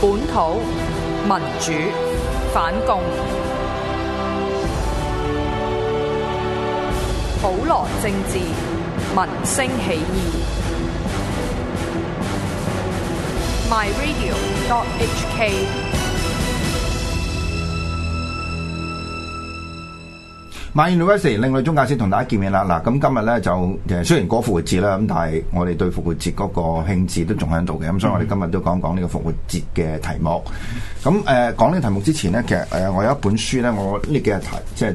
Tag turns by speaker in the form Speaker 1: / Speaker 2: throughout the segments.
Speaker 1: 本土民主反共，普羅政治民生起義。
Speaker 2: MyRadio.HK My University，另類宗教史同大家見面啦。嗱，咁今日咧就誒雖然過復活節啦，咁但係我哋對復活節嗰個興致都仲喺度嘅，咁所以我哋今日都講講呢個復活節嘅題目。咁、嗯、誒、呃、講呢個題目之前咧，其實誒、呃、我有一本書咧，我呢幾日睇即係。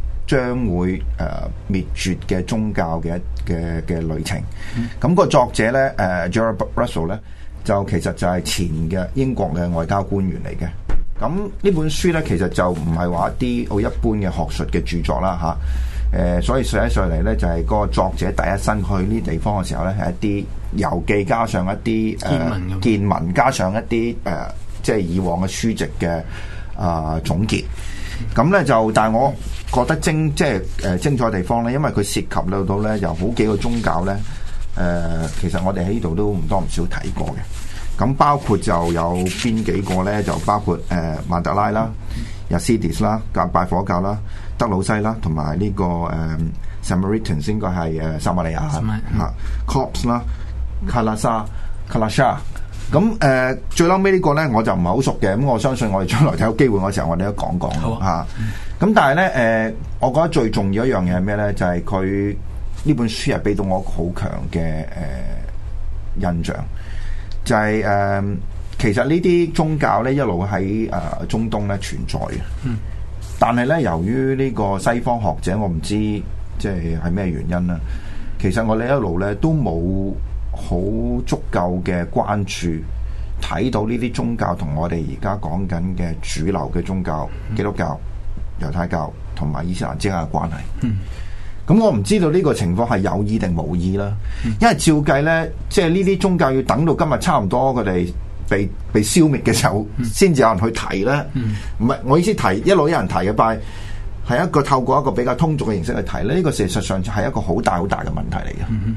Speaker 2: 將會誒滅、呃、絕嘅宗教嘅嘅嘅旅程。咁、嗯嗯嗰個作者咧誒 Gerard Russell 咧就其實就係前嘅英國嘅外交官員嚟嘅。咁、嗯、呢本書咧其實就唔係話一啲好一般嘅學術嘅著作啦吓。誒、啊，所以上一上嚟咧就係、是、嗰個作者第一身去呢地方嘅時候咧係一啲遊記加上一啲見聞，見、呃、聞文加上一啲誒、呃、即係以往嘅書籍嘅啊、呃呃、總結。咁咧就，但係我覺得精即係誒、呃、精彩地方咧，因為佢涉及到到咧，有好幾個宗教咧。誒、呃，其實我哋喺呢度都唔多唔少睇過嘅。咁、嗯、包括就有邊幾個咧？就包括誒、呃、曼德拉啦、阿西迪斯啦、格拜火教啦、德魯西啦，同埋呢個、呃、Samaritans 應該係誒撒瑪利亞嚇。Corps、啊啊、啦，卡拉沙，喀拉沙。咁誒、呃、最撚尾呢個咧，我就唔係好熟嘅，咁我相信我哋將來睇到機會嘅時候，我哋都講講啦咁、啊嗯啊、但係咧誒，我覺得最重要一樣嘢係咩咧？就係佢呢本書係俾到我好強嘅誒、呃、印象，就係、是、誒、呃、其實呢啲宗教咧一路喺誒中東咧存在嘅。嗯、但係咧，由於呢個西方學者，我唔知即係係咩原因啦。其實我哋一路咧都冇好足夠嘅關注，睇到呢啲宗教同我哋而家講緊嘅主流嘅宗教，嗯、基督教、猶太教同埋伊斯蘭之間嘅關係。咁、嗯嗯、我唔知道呢個情況係有意定無意啦。因為照計呢，即係呢啲宗教要等到今日差唔多佢哋被被消滅嘅時候，先至有人去提咧。唔係，我意思提一路有人提嘅，但係係一個透過一個比較通俗嘅形式去提咧。呢、呢個事實上就係一個好大好大嘅問題嚟嘅。嗯嗯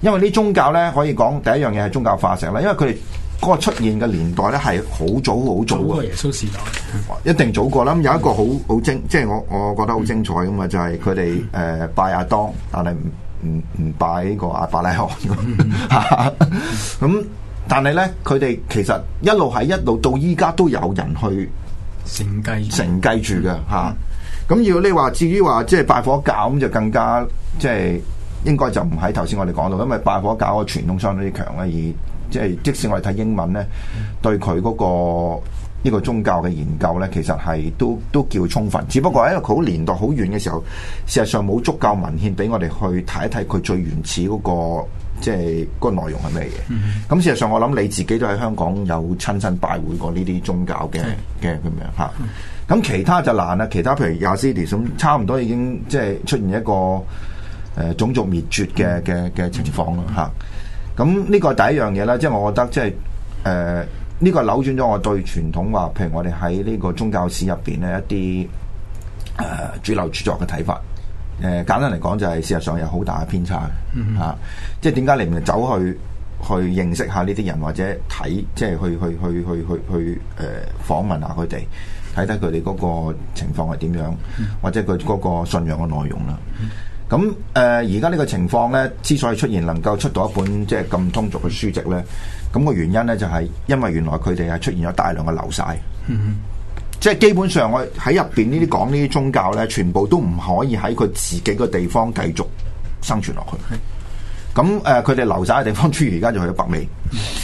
Speaker 2: 因為呢宗教咧可以講第一樣嘢係宗教化石啦，因為佢哋嗰個出現嘅年代咧，係好早好早啊，早過耶穌時代，一定早過啦。咁有一個好好精，即係我我覺得好精彩噶嘛，就係佢哋誒拜亞當，但係唔唔唔拜呢個阿伯拉罕咁。咁但係咧，佢哋其實一路喺一路到依家都有人去承繼承繼住嘅吓。咁如果、嗯嗯、你話至於話即係拜火教咁就更加即係。應該就唔喺頭先我哋講到，因為拜火教個傳統相對啲強咧，而即係即使我哋睇英文咧，對佢嗰個呢個宗教嘅研究咧，其實係都都叫充分。只不過喺一個佢好年代好遠嘅時候，事實上冇足夠文獻俾我哋去睇一睇佢最原始嗰個即係個內容係咩嘢。咁、嗯、事實上我諗你自己都喺香港有親身拜會過呢啲宗教嘅嘅咁樣嚇。咁、嗯、其他就難啦，其他譬如雅斯迪咁，差唔多已經即係出現一個，誒、呃，種族滅絕嘅嘅嘅情況啦，吓、嗯，咁呢、嗯啊、個第一樣嘢啦，即、就、係、是、我覺得即係誒，呢、呃這個扭轉咗我對傳統話，譬如我哋喺呢個宗教史入邊呢，一啲誒、呃、主流著作嘅睇法，誒、呃、簡單嚟講就係事實上有好大嘅偏差，吓、嗯，即係點解你唔走去去認識下呢啲人，或者睇即係去去去去去去誒訪、uh, 問下佢哋，睇睇佢哋嗰個情況係點樣，或者佢嗰個信仰嘅內容啦。咁誒，而家呢個情況呢，之所以出現能夠出到一本即係咁通俗嘅書籍呢，咁、個原因呢，就係因為原來佢哋係出現咗大量嘅流晒，嗯、哼即係基本上我喺入邊呢啲講呢啲宗教呢，全部都唔可以喺佢自己個地方繼續生存落去。咁誒，佢哋流散嘅地方，諸如而家就去咗北美。
Speaker 1: 誒、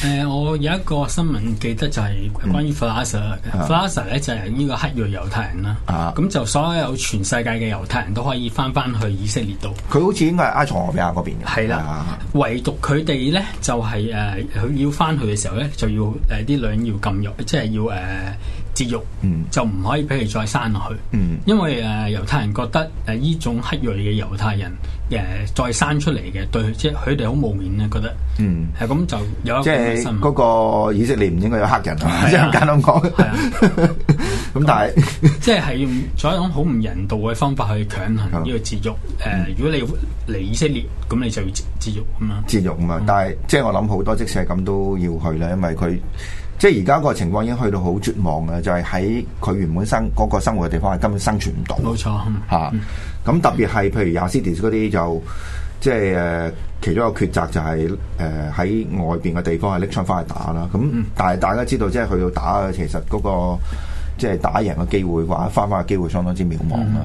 Speaker 1: 呃，我有一個新聞記得，就係關於 Falasha。Falasha 咧、嗯、就係呢個黑裔猶太人啦。啊，咁就所有全世界嘅猶太人都可以翻翻去以色列
Speaker 2: 度。佢好似應該係埃塞俄比亞嗰邊嘅。係啦的，啊、
Speaker 1: 唯獨佢哋咧就係、是、誒，佢、呃、要翻去嘅時候咧，就要誒啲、呃、女人要禁欲，即、就、係、是、要誒。呃絕育，就唔可以畀佢再生落去，因為誒，猶太人覺得誒，呢種黑裔嘅猶太人，誒，再生出嚟嘅，對，即係佢哋好冇面啊，覺得，
Speaker 2: 嗯，
Speaker 1: 係咁就有，即係
Speaker 2: 嗰個以色列唔應該有黑人啊，即係簡單咁講，係
Speaker 1: 啊，咁但係，即係係用咗一種好唔人道嘅方法去強行呢個絕育，誒，如果你嚟以色列，咁你就要絕絕育咁
Speaker 2: 樣，絕育咁啊，但係，即係我諗好多，即使係咁都要去啦，因為佢。即係而家個情況已經去到好絕望啦，就係喺佢原本生嗰、那個生活嘅地方係根本生存唔到。冇錯嚇，咁、啊嗯嗯、特別係譬如雅斯迪斯嗰啲就即係誒其中一個抉擇就係誒喺外邊嘅地方係拎槍翻去打啦。咁、嗯嗯、但係大家知道，即、就、係、是、去到打，其實嗰、那個即係、就是、打贏嘅機會或者，翻返嘅機會相當之渺茫啦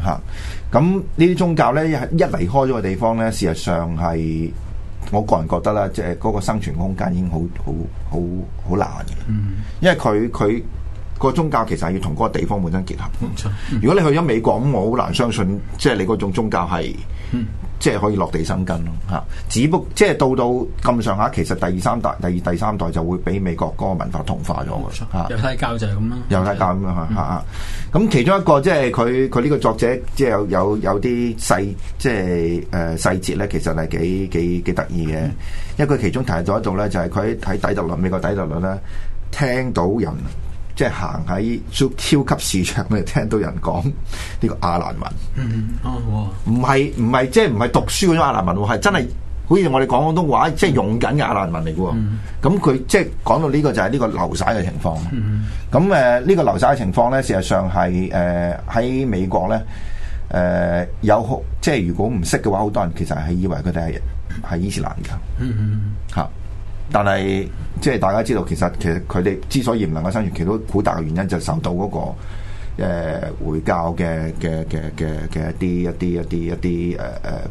Speaker 2: 嚇。咁呢啲宗教咧一一離開咗個地方咧，事實上係。我個人覺得啦，即係嗰個生存空間已經好好好好難嘅，因為佢佢。個宗教其實係要同嗰個地方本身結合。冇錯，如果你去咗美國，咁我好難相信，即係你嗰種宗教係，嗯、即係可以落地生根咯。吓，只不過即係到到咁上下，其實第二三代，第二第三代就會俾美國嗰個文化同化咗。冇錯。
Speaker 1: 吓，
Speaker 2: 猶太教就係咁啦，猶太教咁樣吓。咁其中一個即係佢佢呢個作者，即係有有有啲細，即係誒細節咧，其實係幾幾幾得意嘅。因為佢其中提咗一度咧，就係佢喺底特律，就是就是就是，美國底特律咧，聽到人。即係行喺超超級市場，我哋聽到人講呢個亞蘭文。唔係唔係，即係唔係讀書嗰種亞蘭文喎，係真係好似我哋講廣東話，即係用緊亞蘭文嚟噶喎。咁佢即係講到呢個就係呢個流曬嘅情況。咁誒，呢個流曬嘅情況咧，事實上係誒喺美國咧，誒、呃、有好即係如果唔識嘅話，好多人其實係以為佢哋係係伊斯蘭噶、嗯。嗯，嗯嚇！但係。即係大家知道，其實其實佢哋之所以唔能夠生存，其中好大嘅原因就受到嗰個回教嘅嘅嘅嘅嘅一啲一啲一啲一啲誒誒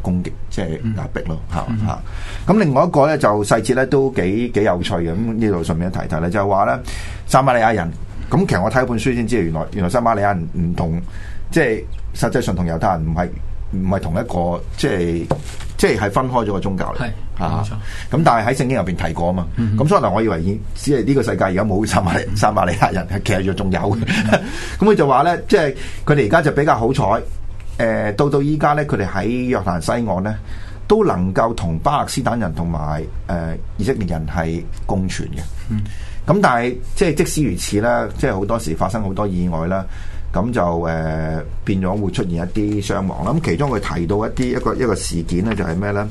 Speaker 2: 攻擊，即係壓迫咯嚇嚇。咁另外一個咧就細節咧都幾幾有趣嘅。咁呢度上面一提提咧就話咧，撒瑪利亞人。咁其實我睇本書先知，原來原來撒瑪利亞人唔同，即係實際上同猶太人唔係。唔係同一個，即係即係係分開咗個宗教嚟。係啊，冇錯，咁但係喺聖經入邊提過啊嘛，咁所以嗱，我以為已，即係呢個世界而家冇撒瑪撒瑪利亞人，其實仲有，咁佢就話咧，即係佢哋而家就比較好彩，誒，到到依家咧，佢哋喺約旦西岸咧，都能夠同巴勒斯坦人同埋誒以色列人係共存嘅，咁但係即係即使如此啦，即係好多時發生好多意外啦。咁就誒變咗會出現一啲傷亡啦。咁其中佢提到一啲一個一個事件咧，就係咩咧？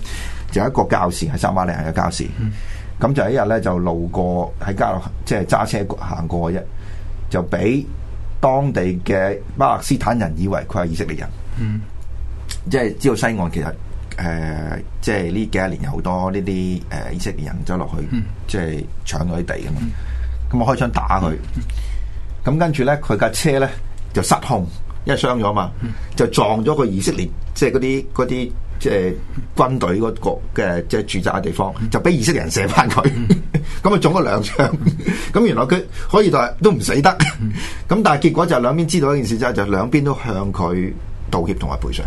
Speaker 2: 就一個教士，係撒馬利亞嘅教士。咁、嗯、就一日咧就路過喺街，即係揸車行過啫，就俾、是、當地嘅巴勒斯坦人以為佢係以色列人。嗯，即係知道西岸其實誒，即係呢幾十年有好多呢啲誒以色列人走落去，即、就、係、是、搶咗啲地啊嘛。咁我、嗯嗯、開槍打佢，咁、嗯嗯、跟住咧佢架車咧。就失控，因為傷咗嘛，嗯、就撞咗個以色列，即係嗰啲嗰啲即係軍隊、嗰個嘅即係住宅嘅地方，就俾以色列人射翻佢，咁啊中咗兩槍，咁 原來佢可以話都唔死得，咁、 嗯、但係結果就兩邊知道一件事之後，就兩、是、邊都向佢道歉同埋賠償，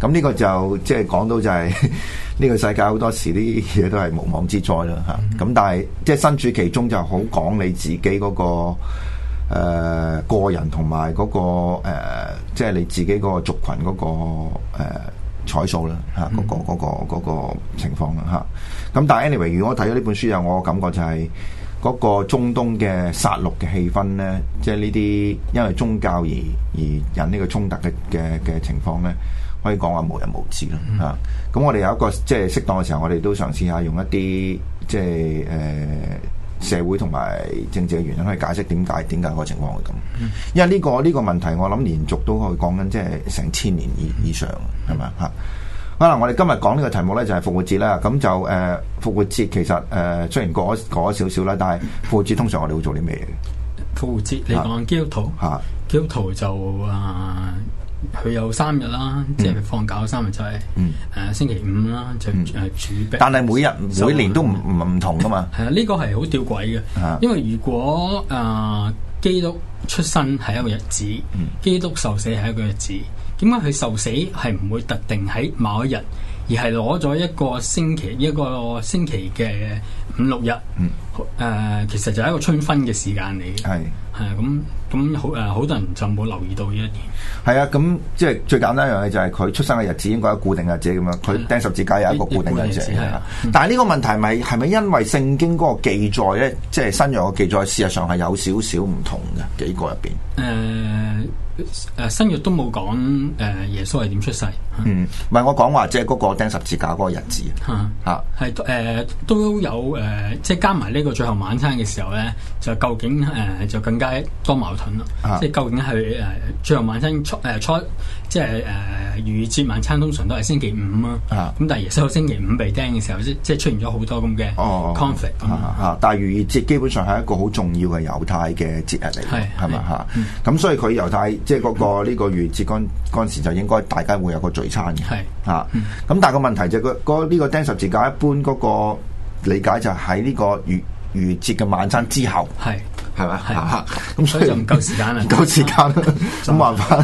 Speaker 2: 咁呢、嗯、個就即係講到就係、是、呢 個世界好多時啲嘢都係無妄之災啦，咁、啊嗯嗯、但係即係身處其中就好講你自己嗰、嗰個。誒、呃，個人同埋嗰個誒、呃，即係你自己個族群嗰、那個誒、呃、彩數啦，吓、啊，嗰、那個、那個、那個情況啦，吓、啊。咁但係 anyway，如果我睇咗呢本書，有我個感覺就係嗰個中東嘅殺戮嘅氣氛咧，即係呢啲因為宗教而而引呢個衝突嘅嘅嘅情況咧，可以講話無日無之啦，吓、啊。咁、嗯啊、我哋有一個即係適當嘅時候，我哋都嘗試下用一啲即係誒、呃社會同埋政治嘅原因，可以解釋點解點解個情況會咁。因為呢個呢個問題，我諗連續都可以講緊，即係成千年以以上，係咪、嗯、啊？好啦，我哋今日講呢個題目咧就係、是、復活節啦。咁就誒、呃、復活節其實誒、呃、雖然過咗過咗少少啦，但係復活節通常我哋會做啲咩嘢？
Speaker 1: 復活節你講基督徒，啊啊、基督徒就誒、啊。佢有三日啦，即係放假三日制，
Speaker 2: 就
Speaker 1: 是，誒、嗯啊、星期五啦，就係、是、主、嗯、主但係每日每年都
Speaker 2: 唔唔、嗯、同噶嘛。係
Speaker 1: 啊，呢、這個係好吊詭嘅，因為如果誒、啊、基督出生係一個日子，嗯、基督受死係一個日子，點解佢受死係唔會特定喺某一日？而係攞咗一個星期，一個星期嘅五六日，誒、嗯呃，其實就係一個春分嘅時間嚟嘅。係係啊，咁咁好誒，好、呃、多人就冇留意到呢一
Speaker 2: 年。係啊，咁即係最簡單一樣嘢就係、是、佢出生嘅日子應該有固定日子咁樣，佢的釘十字架有一個固定日子。嗯、但係呢個問題咪係咪因為聖經嗰個記載咧，即、就、係、是、新約嘅記載，事實上係有少少唔同嘅幾個入邊。誒
Speaker 1: 誒、呃，新約都冇講誒耶穌係點出世。
Speaker 2: 嗯，唔係我講話，即係嗰個釘十字架嗰個日子啊！
Speaker 1: 嚇是，係誒、呃、都有誒、呃，即係加埋呢個最後晚餐嘅時候咧，就究竟誒、呃、就更加多矛盾啦。即係是究竟係誒、呃、最後晚餐初初，即係誒逾越節晚餐，通常都係星期五啊。咁是但係其實星期五被釘嘅時候，即即係出現咗好多咁嘅 conflict
Speaker 2: 啊！但係逾越節基本上係一個好重要嘅猶太嘅節日嚟，係咪嚇？咁所以佢猶太即係、那、嗰個呢、這個逾越節嗰陣時，就應，應該大家會有個。聚餐嘅係啊，咁、嗯、但係個問題就是這個呢、這個釘十字架一般嗰個理解就喺呢個逾逾越節嘅晚餐之後係係嘛係嘛，咁所以就唔夠時間啦，唔夠 時間咯，咁 冇辦法。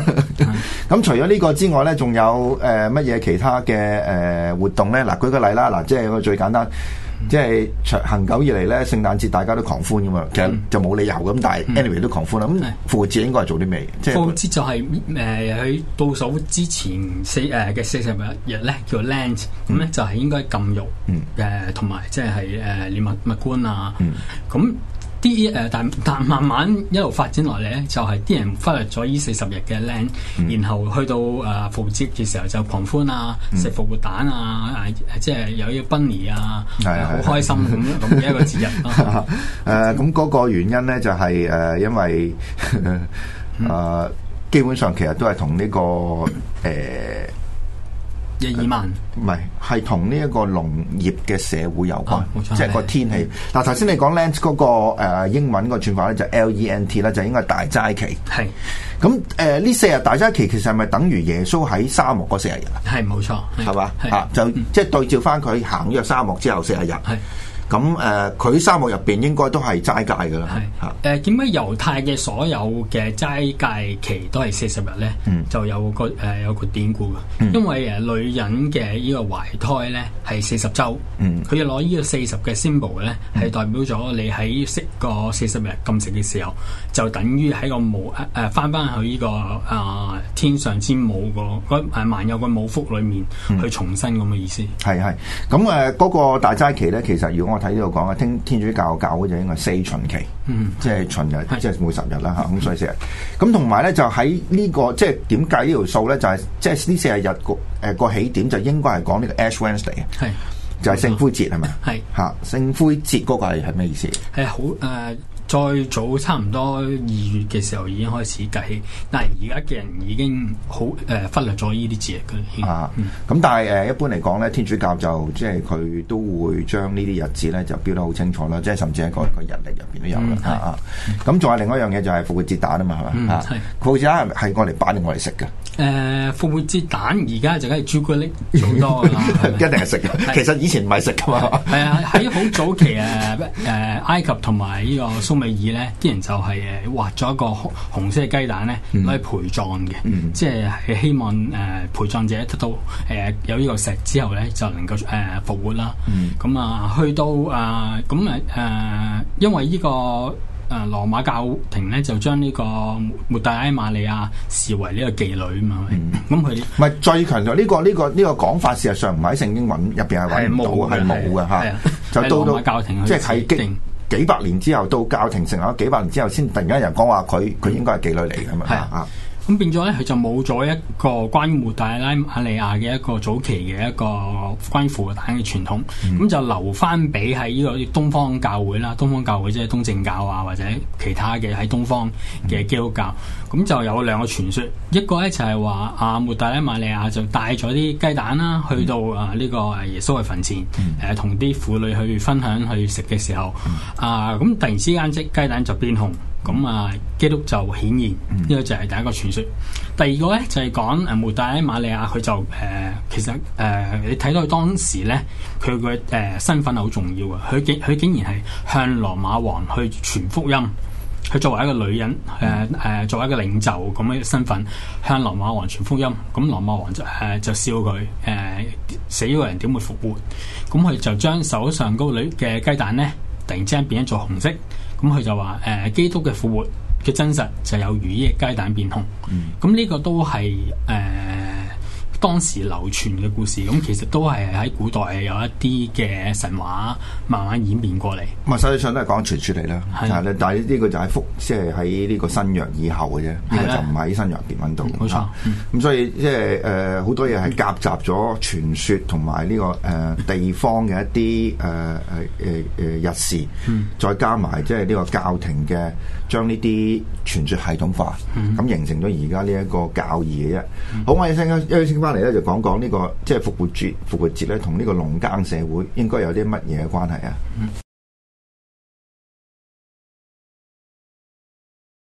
Speaker 2: 咁 除咗呢個之外咧，仲有誒乜嘢其他嘅誒活動咧？嗱、啊，舉個例啦，嗱、啊，即、就、係、是、有個最簡單。即係長恆久以嚟咧，聖誕節大家都狂歡㗎嘛，其實就冇理由咁，但係 anyway、嗯、都狂歡啦。咁復活節應該係做啲咩？復
Speaker 1: 活節就係、是、誒，佢、呃、到手之前四誒嘅、呃、四十日日咧叫 Lent 咁咧就係、是、應該禁肉誒，同埋即係誒連物物官啊，咁、嗯。嗯嗯啲誒但但慢慢一路發展落嚟咧，就係、是、啲人忽略咗呢四十日嘅靚，嗯、然後去到誒復活節嘅時候就狂歡啊，食復活蛋啊，即係有啲 bunny 啊，
Speaker 2: 好開
Speaker 1: 心咁咁嘅一個節日。誒
Speaker 2: 呃，咁嗰個原因咧就係、是、誒、呃，因為誒、呃嗯、基本上其實都係同呢個誒。呃一二萬唔係，係同呢一個農業嘅社會有關，即係個天氣。嗱，係頭先你講 Lance 嗰個誒英文個轉法咧，就 L E N T 啦，就應該係大齋期。係咁誒，呢四日大齋期其實係咪等於耶穌喺沙漠嗰四日啊？係冇錯，係嘛啊？就即係對照翻佢行咗沙漠之後四日。咁誒，佢、嗯呃、沙漠入邊應該都係齋戒噶啦。係
Speaker 1: 誒，點、呃、解猶太嘅所有嘅齋戒期都係四十日咧？嗯、就有個誒、呃、有個典故嘅，因為誒、呃、女人嘅呢、嗯、個懷胎咧係四十週，佢要攞呢個四十嘅 symbol 咧，係代表咗你喺息個四十日禁食嘅時候，就等於喺個母誒翻翻去呢個啊、呃、天上之母、那個嗰誒萬有個母腹裏面去重生咁嘅意思。
Speaker 2: 係係，咁誒嗰個大齋期咧，其實如果睇呢度講啊，聽天主教教嗰就應該四旬期，嗯，即係旬日，是即係每十日啦嚇，咁所以四日。咁同埋咧就喺呢、這個，即係點計呢條數咧？就係、是、即係呢四十日個誒個、呃、起點就應該係講呢個 Ash Wednesday，係是就係聖灰節係咪？係嚇是、啊、聖灰節嗰個係咩意思？
Speaker 1: 係好誒。再早差唔多二月嘅時候已經開始計，但係而家嘅人已經好誒、呃、忽略咗呢啲字嘅。
Speaker 2: 啊，咁、嗯嗯、但係誒、呃、一般嚟講咧，天主教就即係佢都會將呢啲日子咧就標得好清楚啦，即係甚至係個個日曆入邊都有啦。嗯、啊，咁是、嗯、仲有另外一樣嘢就係復活節蛋啊嘛，係嘛？嗯、啊，復活節蛋係我嚟擺定我嚟食嘅？
Speaker 1: 誒、呃、復活節蛋而家就梗係朱古力好多㗎
Speaker 2: 嘛， 吧 一定係食嘅。是其實以前唔係食㗎嘛。
Speaker 1: 係啊、呃，喺好早期啊，誒、 呃、埃及同埋呢個蘇美爾咧，啲人就係誒畫咗一個紅色嘅雞蛋咧，攞嚟、嗯、陪葬嘅，嗯、即係希望誒、呃、陪葬者得到誒、呃、有呢個石之後咧，就能夠誒、呃、復活啦。咁啊、嗯嗯，去到啊，咁啊誒，因為呢、呢個。誒，羅馬教廷咧就將呢個抹抹大拉瑪利亞視為呢個妓女啊嘛，咁佢
Speaker 2: 唔係最強調呢個呢個呢個講法，事實上唔係喺聖經文入邊係揾到，係冇嘅吓，就到到即係睇幾幾百年之後，到教廷成咗幾百年之後，先突然間有人講話佢佢應該係妓女嚟咁啊。的
Speaker 1: 咁變咗咧，佢就冇咗一個關於抹大拉瑪利亞嘅一個早期嘅一個關於蛋嘅傳統，咁、嗯、就留翻俾喺呢個東方教會啦，東方教會即係東正教啊，或者其他嘅喺東方嘅基督教，咁、嗯、就有兩個傳說，一個咧就係話阿抹大拉瑪利亞就帶咗啲雞蛋啦，去到啊呢個耶穌嘅墳前，誒同啲婦女去分享去食嘅時候，嗯、啊咁突然之間隻雞蛋就變紅。咁啊，基督就顯現，呢個就係第一個傳說。第二個咧就係講誒，抹大拉馬利亞佢就誒、呃，其實誒、呃，你睇到佢當時咧，佢個誒身份係好重要嘅。佢竟佢竟然係向羅馬王去傳福音。佢作為一個女人，誒、呃、誒，作為一個領袖咁嘅身份，向羅馬王傳福音。咁、嗯、羅馬王就誒、呃、就笑佢，誒、呃、死咗人點會復活？咁、嗯、佢就將手上嗰個嘅雞蛋咧，突然之間變咗做紅色。咁佢就話：誒、呃，基督嘅復活嘅真實就有如一隻雞蛋變紅。咁呢、嗯、個都係誒。呃當時流傳嘅故事，咁其實都係喺古代係有一啲嘅神話，慢慢演變過嚟。
Speaker 2: 實際上都係講傳説嚟啦，係啦的。但係呢個就喺復，即係喺呢個新約以後嘅啫，呢的就唔喺新約段揾到。冇錯、嗯，咁、嗯啊、所以即係誒好多嘢係夾雜咗傳説同埋呢個誒、呃、地方嘅一啲誒誒誒誒日事，嗯、再加埋即係呢個教廷嘅。將呢啲傳説系統化，咁、嗯、形成咗而家呢一個教義嘅啫。好，我哋、嗯、先翻，一啲先翻嚟咧，就講講呢個即係復活節，復活節呢同呢個農耕社會應該有啲乜嘢嘅關係啊？嗯